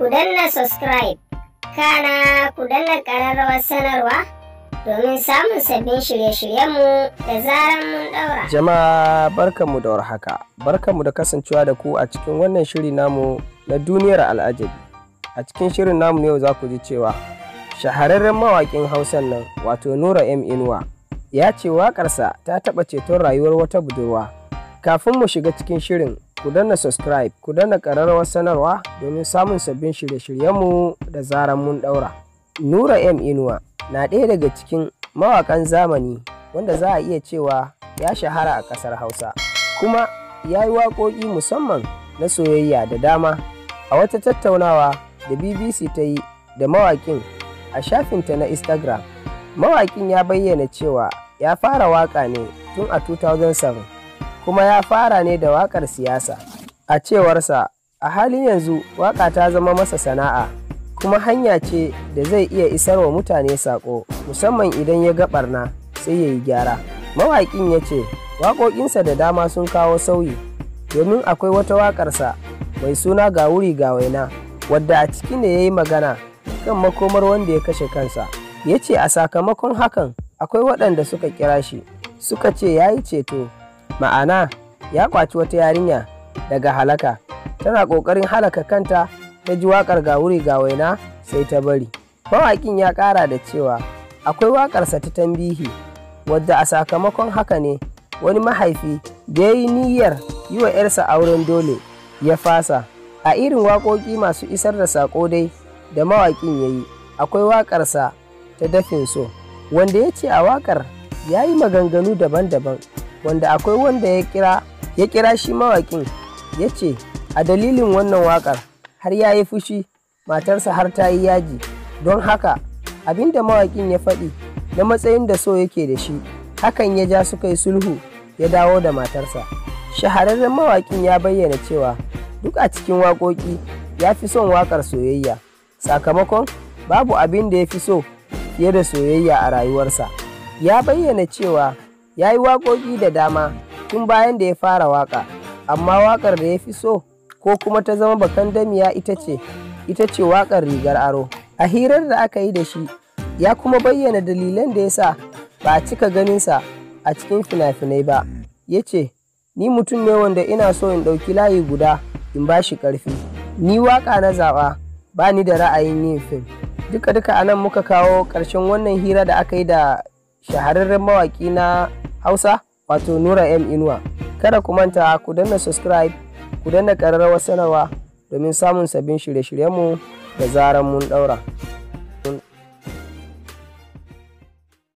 ku subscribe kana ku danna sanarwa domin samun sabbin shirye-shiryenmu da zarar mun daura. Jama'a barkanmu da warhaka, barkanmu da kasancewa da ku a cikin wannan shiri namu na duniyar al'ajabi. A cikin shirin namu yau za ku ji cewa shahararren mawaƙin Hausan nan wato Nura M Inuwa ya ce waƙarsa ta taɓa ceton rayuwar wata budurwa. Kafin mu shiga cikin shirin ku danna subscribe ku danna ƙararrawar sanarwa domin samun sabbin shirye-shiryenmu da zarar mun ɗaura. Nura M Inuwa na ɗaya daga cikin mawaƙan zamani wanda za a iya cewa ya shahara a ƙasar Hausa kuma ya yi waƙoƙi musamman na soyayya da dama a wata tattaunawa da BBC ta yi da mawakin a shafinta na Instagram. Mawaƙin ya bayyana cewa ya fara waƙa ne tun a 2007. kuma ya fara ne da waƙar siyasa. A cewarsa, a halin yanzu waƙa ta zama masa sana'a, kuma hanya ce da zai iya isar wa mutane saƙo, musamman idan ya ga ɓarna sai ya yi gyara. Mawaƙin ya ce, waƙoƙinsa da dama sun kawo sauyi, domin akwai wata waƙarsa mai suna ga wuri ga waina, wadda a ciki ne ya yi magana kan makomar wanda ya kashe kansa. Ya ce a sakamakon hakan akwai waɗanda suka kira shi, suka ce ya yi ceto. ma'ana ya kwaci wata yarinya daga halaka tana ƙoƙarin halaka kanta ta ji waƙar ga wuri ga waina sai ta bari mawaƙin ya ƙara da cewa akwai waƙarsa ta tambihi wadda a sakamakon haka ne wani mahaifi da ya yi niyyar yi wa 'yarsa auren dole ya fasa a irin waƙoƙi masu isar da saƙo dai da mawaƙin ya yi akwai waƙarsa ta dafin so wanda ya ce a waƙar ya yi maganganu daban-daban wanda akwai wanda ya kira ya kira shi mawaƙin ya ce a dalilin wannan waƙar har ya yi fushi matarsa har ta yi yaji don haka abinda mawaƙin ya faɗi na matsayin da so yake da shi hakan ya ja suka yi sulhu ya dawo da matarsa shahararren mawaƙin ya bayyana cewa duk a cikin waƙoƙi ya fi son waƙar soyayya sakamakon babu abin da ya fi so fiye da soyayya a rayuwarsa ya bayyana cewa ya yi waƙoƙi da dama tun bayan da ya fara waƙa amma waƙar da ya fi so ko kuma ta zama bakan damiya ita ce ita ce waƙar rigar aro a hirar da aka yi da shi ya kuma bayyana dalilan da ya sa ba a cika ganinsa a cikin fina-finai ba ya ce ni mutum ne wanda ina so in ɗauki layi guda in ba shi ƙarfi ni waƙa na zaɓa ba ni da ra'ayin yin fim duka-duka anan muka kawo ƙarshen wannan hira da aka yi da shahararren mawaƙi na Hausa wato Nura M Inuwa. Kada ku manta ku danna subscribe ku danna ƙararrawar sanarwa domin samun sabbin shirye-shiryenmu da zaran mun ɗaura.